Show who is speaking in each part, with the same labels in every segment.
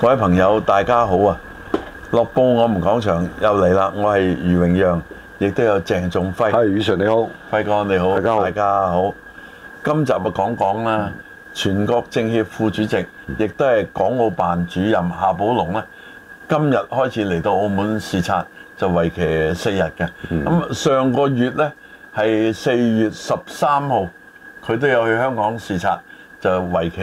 Speaker 1: 各位朋友，大家好啊！樂報我們講場又嚟啦，我係余榮讓，亦都有鄭仲輝。係宇純你好，輝哥你好，大家好，大家好。今集啊講講啦，全國政協副主席，亦都係港澳辦主任夏寶龍咧，今日開始嚟到澳門視察，就為期四日嘅。咁、嗯、上個月咧係四月十三號，佢都有去香港視察，就為期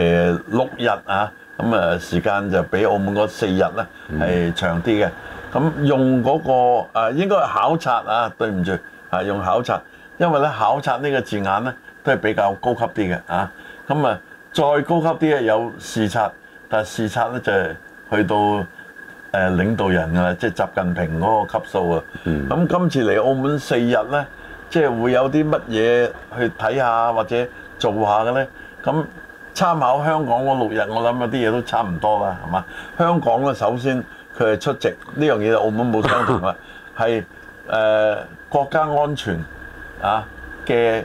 Speaker 1: 六日啊。咁啊，嗯、時間就比澳門嗰四日咧係長啲嘅。咁、嗯嗯、用嗰、嗰個啊、呃，應該考察啊，對唔住啊，用考察，因為咧考察呢個字眼咧都係比較高級啲嘅啊。咁、嗯、啊，再高級啲咧有視察，但係視察咧就係、是、去到誒、呃、領導人㗎，即係習近平嗰個級數啊。咁、嗯嗯、今次嚟澳門四日咧，即、就、係、是、會有啲乜嘢去睇下或者做下嘅咧？咁、嗯。參考香港嗰六日，我諗嗰啲嘢都差唔多啦，係嘛？香港咧首先佢係出席呢樣嘢，澳門冇相同啊。係誒國家安全啊嘅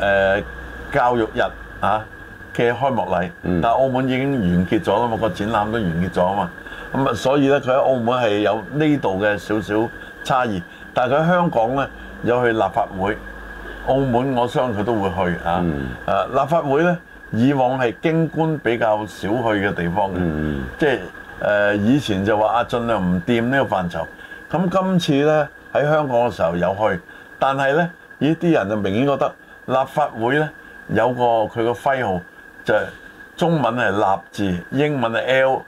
Speaker 1: 誒教育日啊嘅開幕禮，但係澳門已經完結咗啊嘛，個展覽都完結咗啊嘛。咁啊，所以咧佢喺澳門係有呢度嘅少少差異，但係佢喺香港咧有去立法會，澳門我相信佢都會去啊。誒立法會咧。以往係京官比較少去嘅地方嘅，嗯、即係誒、呃、以前就話阿儘量唔掂呢個範疇。咁今次呢，喺香港嘅時候有去，但係呢，呢啲人就明顯覺得立法會呢有個佢個徽號，就係、中文係立字，英文係 L，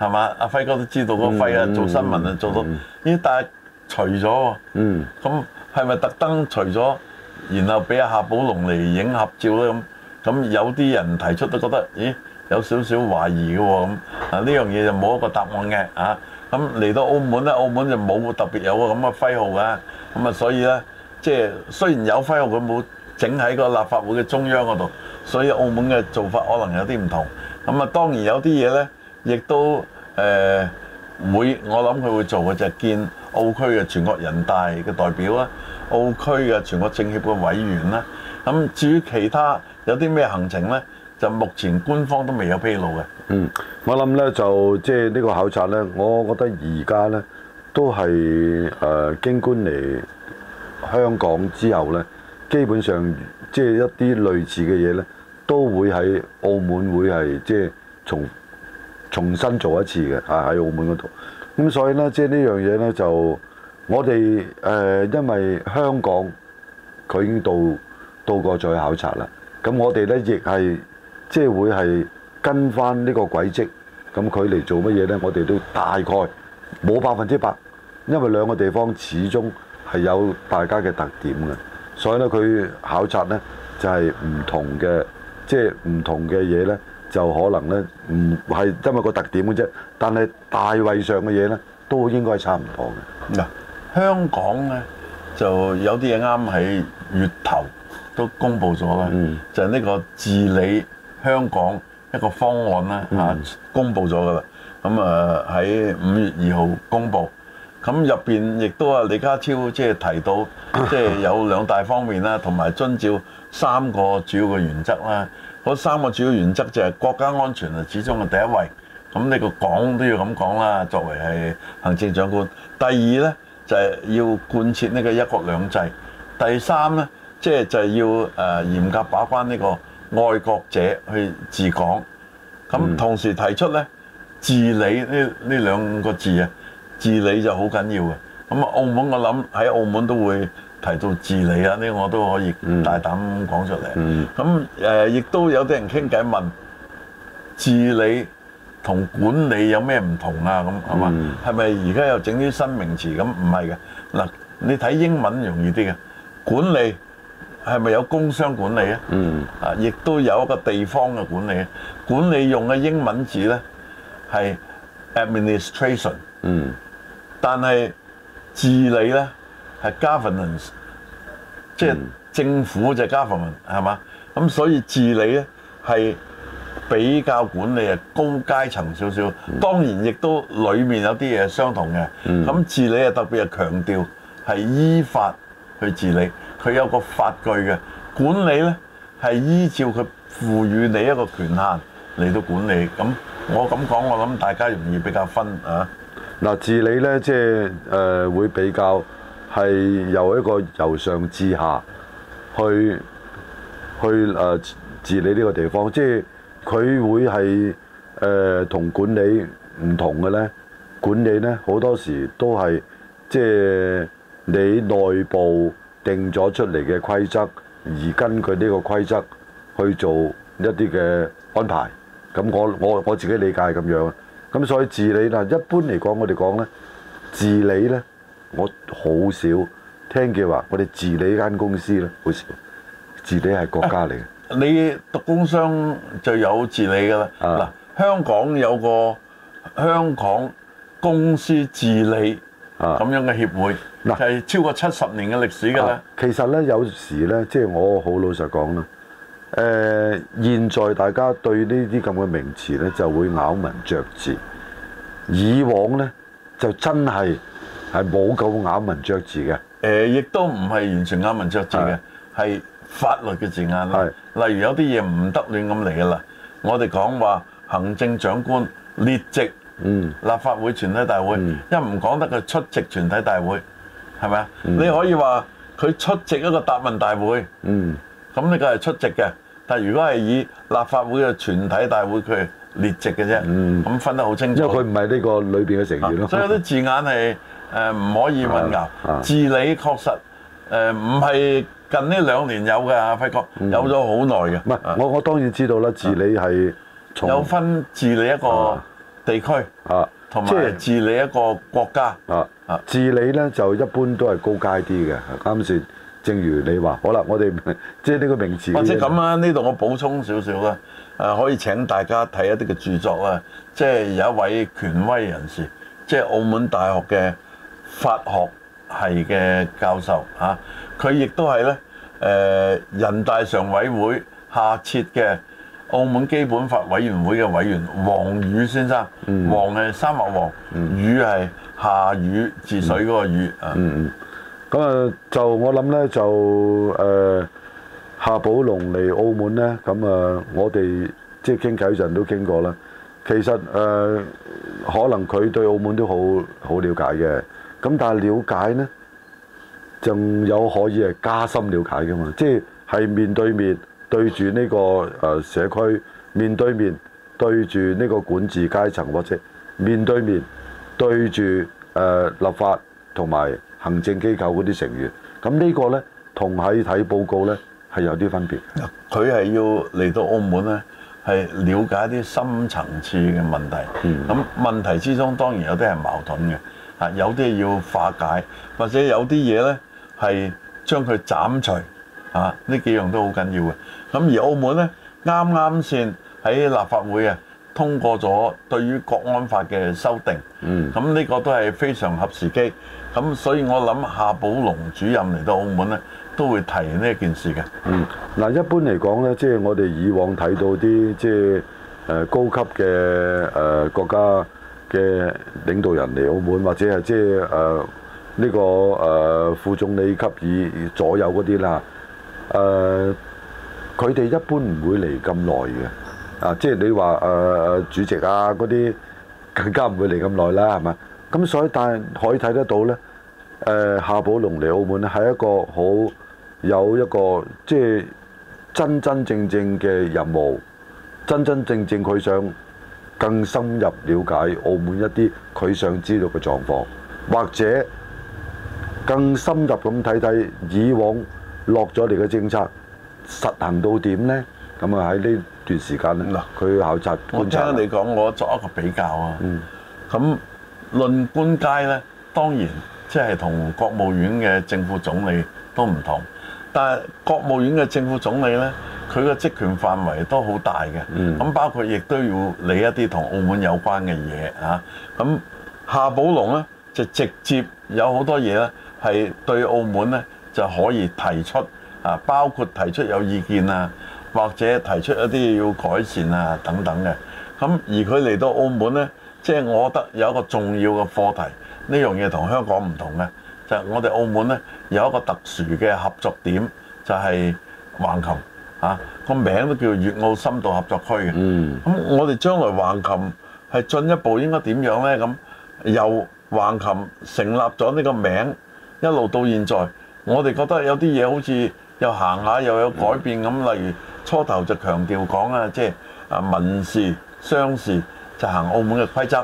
Speaker 1: 係嘛？阿輝哥都知道個徽啊，做新聞啊、嗯嗯嗯、做到。咦，但係除咗，咁係咪特登除咗，然後俾阿夏寶龍嚟影合照呢？咁？咁有啲人提出都覺得，咦，有少少懷疑嘅喎咁啊！呢樣嘢就冇一個答案嘅啊！咁嚟到澳門咧，澳門就冇特別有個咁嘅徽號嘅，咁啊，所以咧，即係雖然有徽號，佢冇整喺個立法會嘅中央嗰度，所以澳門嘅做法可能有啲唔同。咁啊，當然有啲嘢咧，亦都誒會、呃，我諗佢會做嘅就係、是、見澳區嘅全國人大嘅代表啦，澳區嘅全國政協嘅委員啦。咁至於其他有啲咩行程呢？就目前官方都未有披露嘅。
Speaker 2: 嗯，我諗呢，就即係呢個考察呢，我覺得而家呢都係誒、呃、京官嚟香港之後呢，基本上即係、就是、一啲類似嘅嘢呢，都會喺澳門會係即係重重新做一次嘅啊喺澳門嗰度。咁所以呢，即係呢樣嘢呢，就我哋誒、呃、因為香港佢已經到。到過再去考察啦。咁我哋呢，亦係即係會係跟翻呢個軌跡，咁佢嚟做乜嘢呢？我哋都大概冇百分之百，因為兩個地方始終係有大家嘅特點嘅，所以咧佢考察呢就係唔同嘅，即係唔同嘅嘢呢，就可能呢唔係因為個特點嘅啫，但係大位上嘅嘢呢，都應該差唔多嘅
Speaker 1: 嗱。香港呢，就有啲嘢啱喺月頭。都公布咗啦，嗯、就係呢個治理香港一個方案啦嚇，嗯、公布咗噶啦。咁啊喺五月二號公布，咁入邊亦都啊李家超即係提到，即係有兩大方面啦，同埋遵照三個主要嘅原則啦。嗰三個主要原則就係國家安全啊，始終係第一位。咁呢個講都要咁講啦，作為係行政長官。第二呢，就係要貫徹呢個一國兩制。第三呢。即係就係要誒嚴格把關呢個愛國者去治港，咁同時提出咧治理呢呢兩個字啊，治理就好緊要嘅。咁啊，澳門我諗喺澳門都會提到治理啊，呢個我都可以大膽講出嚟。咁誒、嗯，亦、嗯呃、都有啲人傾偈問治理同管理有咩唔同啊？咁係嘛？係咪而家又整啲新名詞咁？唔係嘅，嗱你睇英文容易啲嘅管理。係咪有工商管理咧？嗯，啊，亦都有一個地方嘅管理，管理用嘅英文字咧係 administration。嗯，但係治理咧係 governance，即係、嗯、政府就 governance 係嘛？咁所以治理咧係比較管理啊高階層少少，嗯、當然亦都裡面有啲嘢相同嘅。咁、嗯、治理啊特別係強調係依法去治理。佢有個法據嘅管理咧，係依照佢賦予你一個權限嚟到管理。咁我咁講，我諗大家容易比較分啊。
Speaker 2: 嗱，治理咧即係誒會比較係由一個由上至下去去誒治理呢個地方。即係佢會係誒同管理唔同嘅咧。管理咧好多時都係即係你內部。定咗出嚟嘅規則，而根據呢個規則去做一啲嘅安排。咁我我我自己理解係咁樣。咁所以治理啦，一般嚟講，我哋講咧，治理咧，我好少聽佢話。我哋治理間公司咧，好少。治理係國家嚟嘅。
Speaker 1: 你讀工商就有治理㗎啦。嗱，香港有個香港公司治理咁樣嘅協會。嗱，係超過七十年嘅歷史㗎啦、啊。
Speaker 2: 其實咧，有時咧，即係我好老實講啦。誒、呃，現在大家對呢啲咁嘅名詞咧，就會咬文嚼字。以往咧，就真係係冇夠咬文嚼字嘅。誒、呃，亦都唔係完全咬文嚼字嘅，係
Speaker 1: 的法律嘅字眼啦。的例如有啲嘢唔得亂咁嚟㗎啦。我哋講話行政長官列席，嗯，立法會全體大會，一唔講得佢出席全體大會。係咪啊？嗯、你可以話佢出席一個答問大會，咁你梗係出席嘅。但係如果係以立法會嘅全體大會，佢列席嘅啫。咁、嗯、分得好清楚。因為佢唔係呢個裏邊嘅成員咯、啊。所以有啲字眼係誒唔可以混淆。治、啊、理確實誒唔係近呢兩年有嘅，阿輝哥
Speaker 2: 有咗好耐嘅。唔係、嗯，啊、我我當然知道啦。治理係、啊、有分
Speaker 1: 治理一個地區。啊啊啊即係治理一個國家、就是，
Speaker 2: 啊，治理呢就一般都係高階啲嘅。啱先、啊，正如你話，好啦，我哋即係呢個名詞。或者咁
Speaker 1: 啊、呢、就、度、是啊、我補充少少啦。啊，可以請大家睇一啲嘅著作啦。即、啊、係、就是、有一位權威人士，即、就、係、是、澳門大學嘅法學系嘅教授啊，佢亦都係呢誒、呃，人大常委會下設嘅。澳門基本法委員會嘅委員黃宇先生，黃係三伯王，宇係、嗯、下雨治水嗰個雨。啊、
Speaker 2: 嗯。咁、嗯、啊、嗯嗯，就我諗咧，就誒、呃、夏寶龍嚟澳門咧，咁啊、呃，我哋即係傾偈陣都傾過啦。其實誒、呃，可能佢對澳門都好好了解嘅。咁但係了解咧，仲有可以係加深了解嘅嘛？即係係面對面。對住呢個誒社區面對面，對住呢個管治階層或者面對面對住誒、呃、立法同埋行政機構嗰啲成員，咁呢個呢，同喺睇報告呢，係有啲分別。佢係要嚟到澳門呢，係了解啲深
Speaker 1: 層次嘅問題。咁問題之中當然有啲係矛盾嘅。啊，有啲要化解，或者有啲嘢呢，係將佢斬除。啊，呢幾樣都好緊要嘅。咁而澳門呢，啱啱先喺立法會啊通過咗對於國安法嘅修訂。嗯。咁呢個都係非常合時機。咁所以我諗夏寶龍主任嚟到澳門呢，都會提呢件事
Speaker 2: 嘅。嗯。嗱，一般嚟講呢，即係我哋以往睇到啲即係高級嘅誒國家嘅領導人嚟澳門，或者係即係呢個誒副總理級以左右嗰啲啦。誒，佢哋一般唔會嚟咁耐嘅，啊，即係你話誒主席啊嗰啲更加唔會嚟咁耐啦，係咪？咁所以但係可以睇得到咧，誒夏寶龍嚟澳門咧係一個好有一個即係真真正正嘅任務，真真正正佢想更深入了解澳門一啲佢想知道嘅狀況，或者更深入咁睇睇以往落咗嚟嘅政策實行到點呢？咁啊喺呢段時間咧，佢、嗯、考察觀察。我聽你
Speaker 1: 講，我作一個比較啊。咁、嗯、論官階呢，當然即係同國務院嘅政府總理都唔同。但係國務院嘅政府總理呢，佢嘅職權範圍都好大嘅。咁、嗯、包括亦都要理一啲同澳門有關嘅嘢啊。咁夏寶龍呢，就直接有好多嘢呢，係對澳門呢。就可以提出啊，包括提出有意見啊，或者提出一啲要改善啊等等嘅。咁而佢嚟到澳門咧，即係我覺得有一個重要嘅課題，呢樣嘢同香港唔同嘅，就係我哋澳門咧有一個特殊嘅合作點，就係橫琴啊，個名都叫粵澳深度合作區嘅。
Speaker 2: 嗯，咁
Speaker 1: 我哋將來橫琴係進一步應該點樣咧？咁由橫琴成立咗呢個名一路到現在。我哋覺得有啲嘢好似又行下又有改變咁，嗯、例如初頭就強調講啊，即係啊民事、商事就行澳門嘅規則，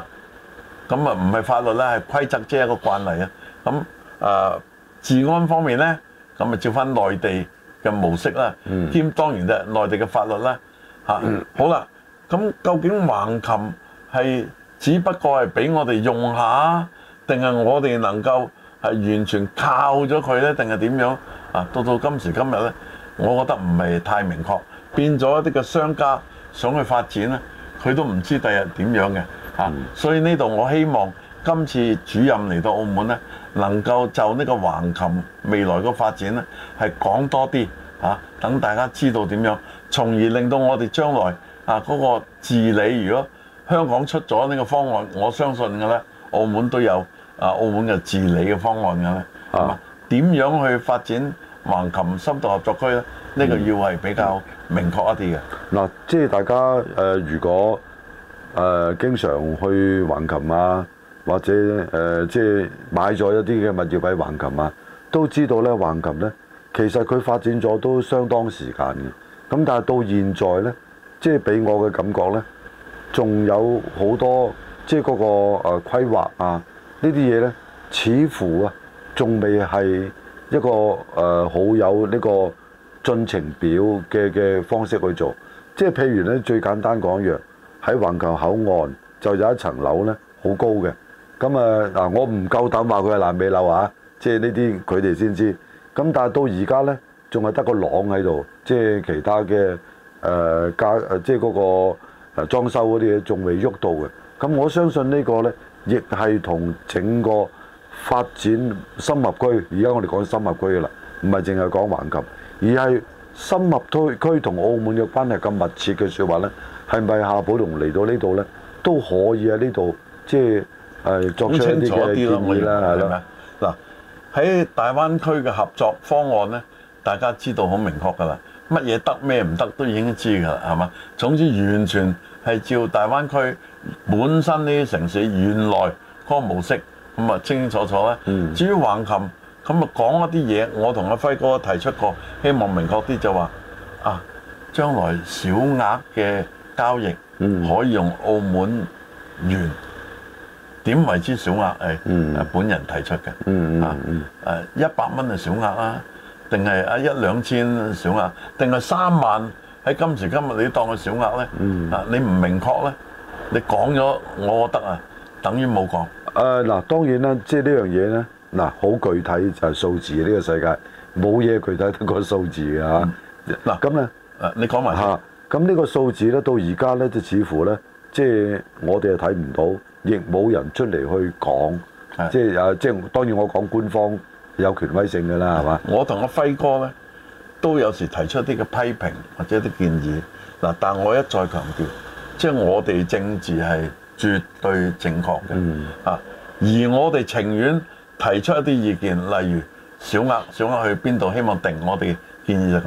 Speaker 1: 咁啊唔係法律啦，係規則，即係一個慣例啊。咁啊、呃、治安方面咧，咁啊照翻內地嘅模式啦，嗯、兼當然就係內地嘅法律啦。嚇、啊，嗯、好啦，咁究竟橫琴係只不過係俾我哋用下，定係我哋能夠？係完全靠咗佢呢定係點樣啊？到到今時今日呢，我覺得唔係太明確，變咗一啲嘅商家想去發展呢，佢都唔知第日點樣嘅嚇。嗯、所以呢度我希望今次主任嚟到澳門呢，能夠就呢個橫琴未來個發展呢，係講多啲嚇，等、啊、大家知道點樣，從而令到我哋將來啊嗰、嗰個治理，如果香港出咗呢個方案，我相信嘅呢，澳門都有。啊！澳門嘅治理嘅方案嘅咧，點樣去發展橫琴深度合作區咧？呢、呢個要係比較明確一啲嘅。嗱、嗯嗯
Speaker 2: 嗯，即係大家誒、呃，如果誒、呃、經常去橫琴啊，或者誒、呃、即係買咗一啲嘅物業喺橫琴啊，都知道咧，橫琴咧其實佢發展咗都相當時間嘅。咁但係到現在咧，即係俾我嘅感覺咧，仲有好多即係嗰個誒規劃啊。呢啲嘢呢，似乎啊，仲未係一個誒好、呃、有呢個進程表嘅嘅方式去做。即係譬如呢，最簡單講一樣，喺橫琴口岸就有一層樓呢，好高嘅。咁啊，嗱、呃，我唔夠膽話佢係爛尾樓啊。即係呢啲佢哋先知。咁但係到而家呢，仲係得個廊喺度，即係其他嘅誒、呃、家即係嗰、嗰個裝修嗰啲嘢，仲未喐到嘅。咁我相信呢個呢。亦係同整個發展深合區，而家我哋講深合區嘅啦，唔係淨係講環球，而係深合區同澳門嘅關係咁密切嘅説話咧，係咪夏寶龍嚟到呢度咧都可以喺呢度，即係誒、呃、作、嗯、清楚啲啦，我認為係咪啊？
Speaker 1: 嗱的，喺大灣區嘅合作方案咧，大家知道好明確噶啦，乜嘢得咩唔得都已經知噶啦，係嘛？總之完全係照大灣區。本身呢啲城市原來嗰個模式咁啊清清楚楚咧。至於橫琴咁啊講一啲嘢，我同阿輝哥提出過，希望明確啲就話啊，將來小額嘅交易可以用澳門元，點為之小額？係本人提出嘅。啊，誒一百蚊係小額啦，定係啊一兩千小額，定係三萬喺今時今日你當佢小額咧？啊，你唔明確咧？你講咗，我覺得啊，等於冇講。
Speaker 2: 誒嗱、呃，當然啦，即係呢樣嘢咧，嗱、呃、好具體就係數字呢、呢個世界，冇嘢具體得、啊、個數字嘅嗱咁咧，誒你講埋嚇。咁呢個數字咧，到而家咧，就似乎咧，即係我哋係睇唔到，亦冇人出嚟去講，的即係啊，即係當然我講官方有權威性嘅啦，係嘛的？
Speaker 1: 的我同阿輝哥咧，都有時提出啲嘅批評或者啲建議。嗱，但我一再，一再，一再一強調。即係我哋政治係絕對正確嘅，嗯、啊！而我哋情願提出一啲意見，例如小額，小額去邊度，希望定我哋建議就咁。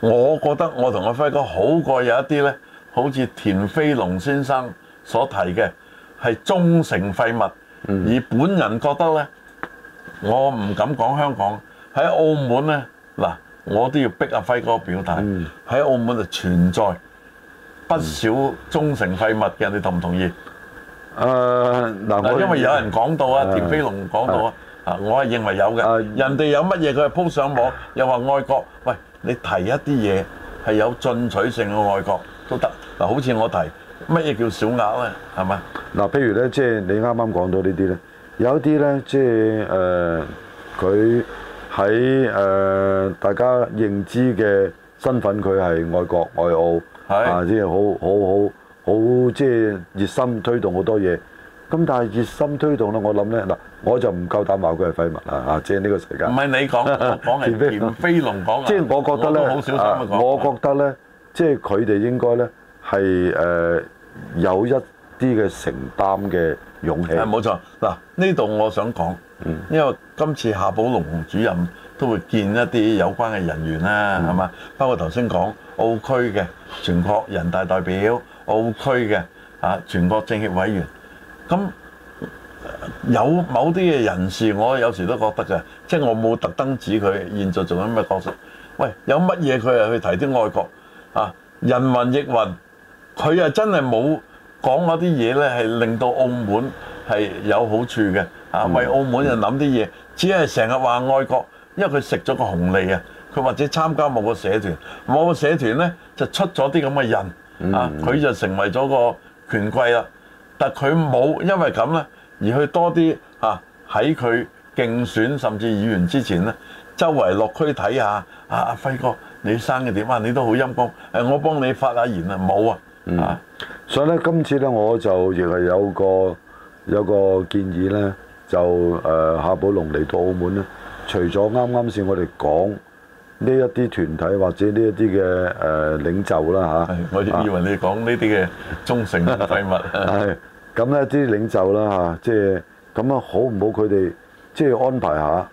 Speaker 1: 嗯、我覺得我同阿輝哥好過有一啲呢，好似田飛龍先生所提嘅係忠誠廢物。而本人覺得呢，我唔敢講香港喺澳門呢，嗱，我都要逼阿輝哥表態喺、嗯、澳門就存在，不少忠誠廢物嘅，你同唔同意？誒嗱、啊，我因為有人講到啊，田飛龍講到啊，啊，我係認為有嘅。啊、人哋有乜嘢佢係鋪上網，啊、又話愛國。喂，你提一啲嘢係有進取性嘅愛國都得嗱。好似我提乜嘢叫小額呢啊？係咪？
Speaker 2: 嗱，譬如咧，即係你啱啱講到呢啲咧，有啲咧即係誒，佢喺誒大家認知嘅身份，佢係愛國愛澳。係啊！即係好好好好，即係、就是、熱心推動好多嘢。咁但係熱心推動咧，我諗咧嗱，我就唔夠膽話佢係廢物啊！啊，即係呢個時間。唔係你講，講係田飛龍講。即係 我覺得咧、啊，我覺得咧，即係佢哋應該咧係誒有一啲嘅承擔嘅勇氣。係冇
Speaker 1: 錯。嗱，呢度我想講，嗯、因為今次夏寶龍主任都會見一啲有關嘅人員啦，係嘛、嗯？包括頭先講。澳區嘅全國人大代表，澳區嘅啊全國政協委員，咁有某啲嘅人士，我有時都覺得就係，即係我冇特登指佢，現在做緊咩角色？喂，有乜嘢佢係去提啲愛國啊？人云亦云，佢又真係冇講嗰啲嘢呢，係令到澳門係有好處嘅啊，為澳門人諗啲嘢，只係成日話愛國，因為佢食咗個紅利啊！佢或者參加某個社團，某個社團呢就出咗啲咁嘅人、嗯、啊，佢就成為咗個權貴啦。但佢冇因為咁呢而去多啲啊喺佢競選甚至議員之前呢，周圍落區睇下啊，阿輝哥你生嘅點啊，你都好陰功誒，我幫你發下言啊，冇啊啊、嗯，
Speaker 2: 所以呢，今次呢我就亦係有個有個建議呢，就誒、呃、夏寶龍嚟到澳門呢，除咗啱啱先我哋講。呢一啲團體或者呢一啲嘅誒領袖啦嚇，啊、 我以為你
Speaker 1: 講呢啲嘅忠誠廢物，
Speaker 2: 咁呢啲領袖啦嚇，即係咁啊、就是、樣好唔好佢哋即係安排下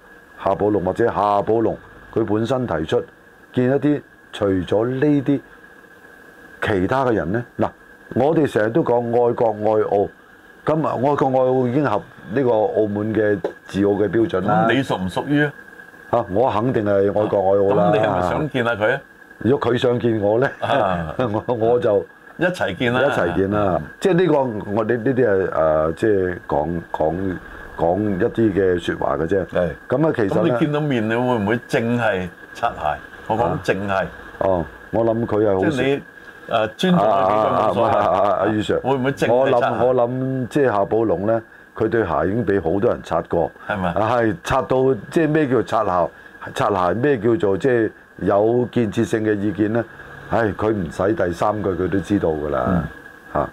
Speaker 2: 夏寶龍，或者夏寶龍佢本身提出見一啲除咗呢啲其他嘅人呢。嗱、啊、我哋成日都講愛國愛澳，咁愛國愛澳已經合呢個澳門嘅自我嘅標準啦。你屬唔屬於啊？嚇！我肯定係愛國愛澳咁、啊、你係咪想見下佢？如果佢想見我咧， 我就一齊見啦，一齊見啦。嗯、即係呢、呢個我哋呢啲係誒，即係講講講一啲嘅説話嘅啫。係的。咁啊、嗯，其實你、嗯、見
Speaker 1: 到面，你會唔會淨係擦鞋？我講淨係。
Speaker 2: 哦、啊啊，我諗佢係好。你誒、呃、尊
Speaker 1: 重佢幾阿阿余阿 Sir 會會。會唔會淨係擦鞋，我
Speaker 2: 諗我諗即係夏寶龍咧。佢對鞋已經俾好多人擦過是是，係咪？係擦到即係咩叫，叫做擦鞋？擦鞋咩叫做即係有建設性嘅意見咧？唉、哎，佢唔使第三句佢都知道噶啦嚇。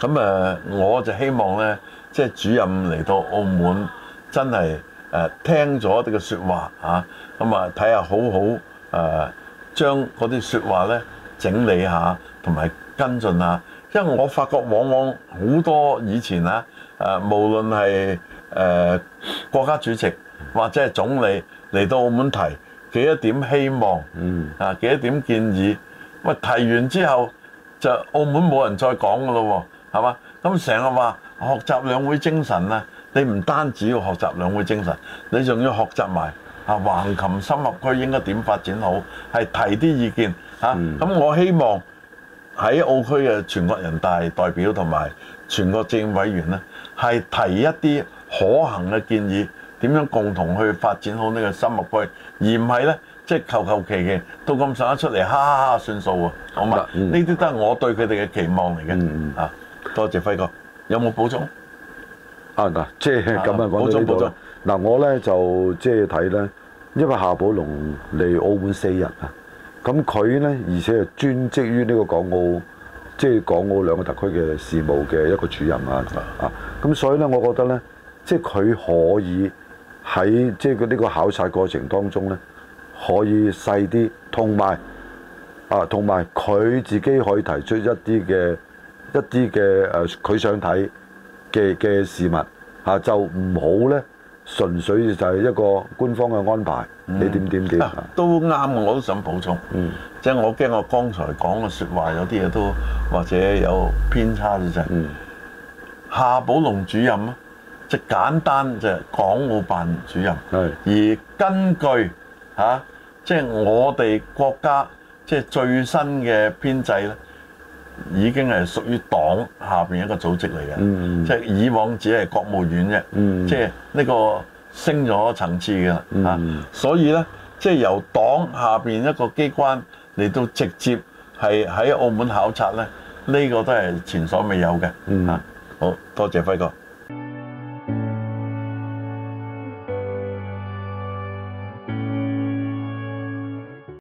Speaker 1: 咁啊、嗯，是我就希望咧，即、就、係、是、主任嚟到澳門，真係誒聽咗一啲嘅説話啊，咁啊睇下好好誒，將嗰啲説話咧整理下，同埋跟進下，因為我發覺往往好多以前啊～誒，無論係誒、呃、國家主席或者係總理嚟到澳門提幾多點希望，嗯、啊幾多點建議，喂，提完之後就澳門冇人再講㗎咯喎，係嘛？咁成日話學習兩會精神啊，你唔單止要學習兩會精神，你仲要學習埋啊橫琴深合區應該點發展好，係提啲意見嚇。咁、啊嗯啊、我希望喺澳區嘅全國人大代表同埋。全國政委員咧，係提一啲可行嘅建議，點樣共同去發展好呢個生物區，而唔係咧，即係求求其其到咁上一出嚟，哈哈哈算數啊！我唔呢啲都係我對佢哋嘅期望嚟嘅。啊，多謝輝哥，有冇補充？啊嗱、嗯，即係咁樣講，補充，補充。
Speaker 2: 嗱，我咧就即係睇咧，因為夏寶龍嚟澳門四日啊，咁佢咧而且係專職於呢個港澳。即係港澳兩個特區嘅事務嘅一個主任啊，的啊，咁所以咧，我覺得咧，即係佢可以喺即係佢呢個考察過程當中咧，可以細啲，同埋啊，同埋佢自己可以提出一啲嘅一啲嘅誒，佢、呃、想睇嘅嘅事物嚇、啊，就唔好咧，純粹就係一個官方嘅安排，嗯、你點點點都啱，我都想
Speaker 1: 補充。嗯即我驚，我剛才講嘅説話有啲嘢都或者有偏差啲嘅。夏寶龍主任啊，即係簡單就係港澳辦主任。係而根據嚇、啊，即係我哋國家即係最新嘅編制咧，已經係屬於黨下邊一個組織嚟嘅。嗯、即係以往只係國務院啫。即係呢個升咗層次㗎。嚇，所以咧，即係由黨下邊一個機關。你都直接係喺澳門考察咧，呢、呢個都係前所未有嘅。
Speaker 2: 啊、嗯，好
Speaker 1: 多謝輝哥。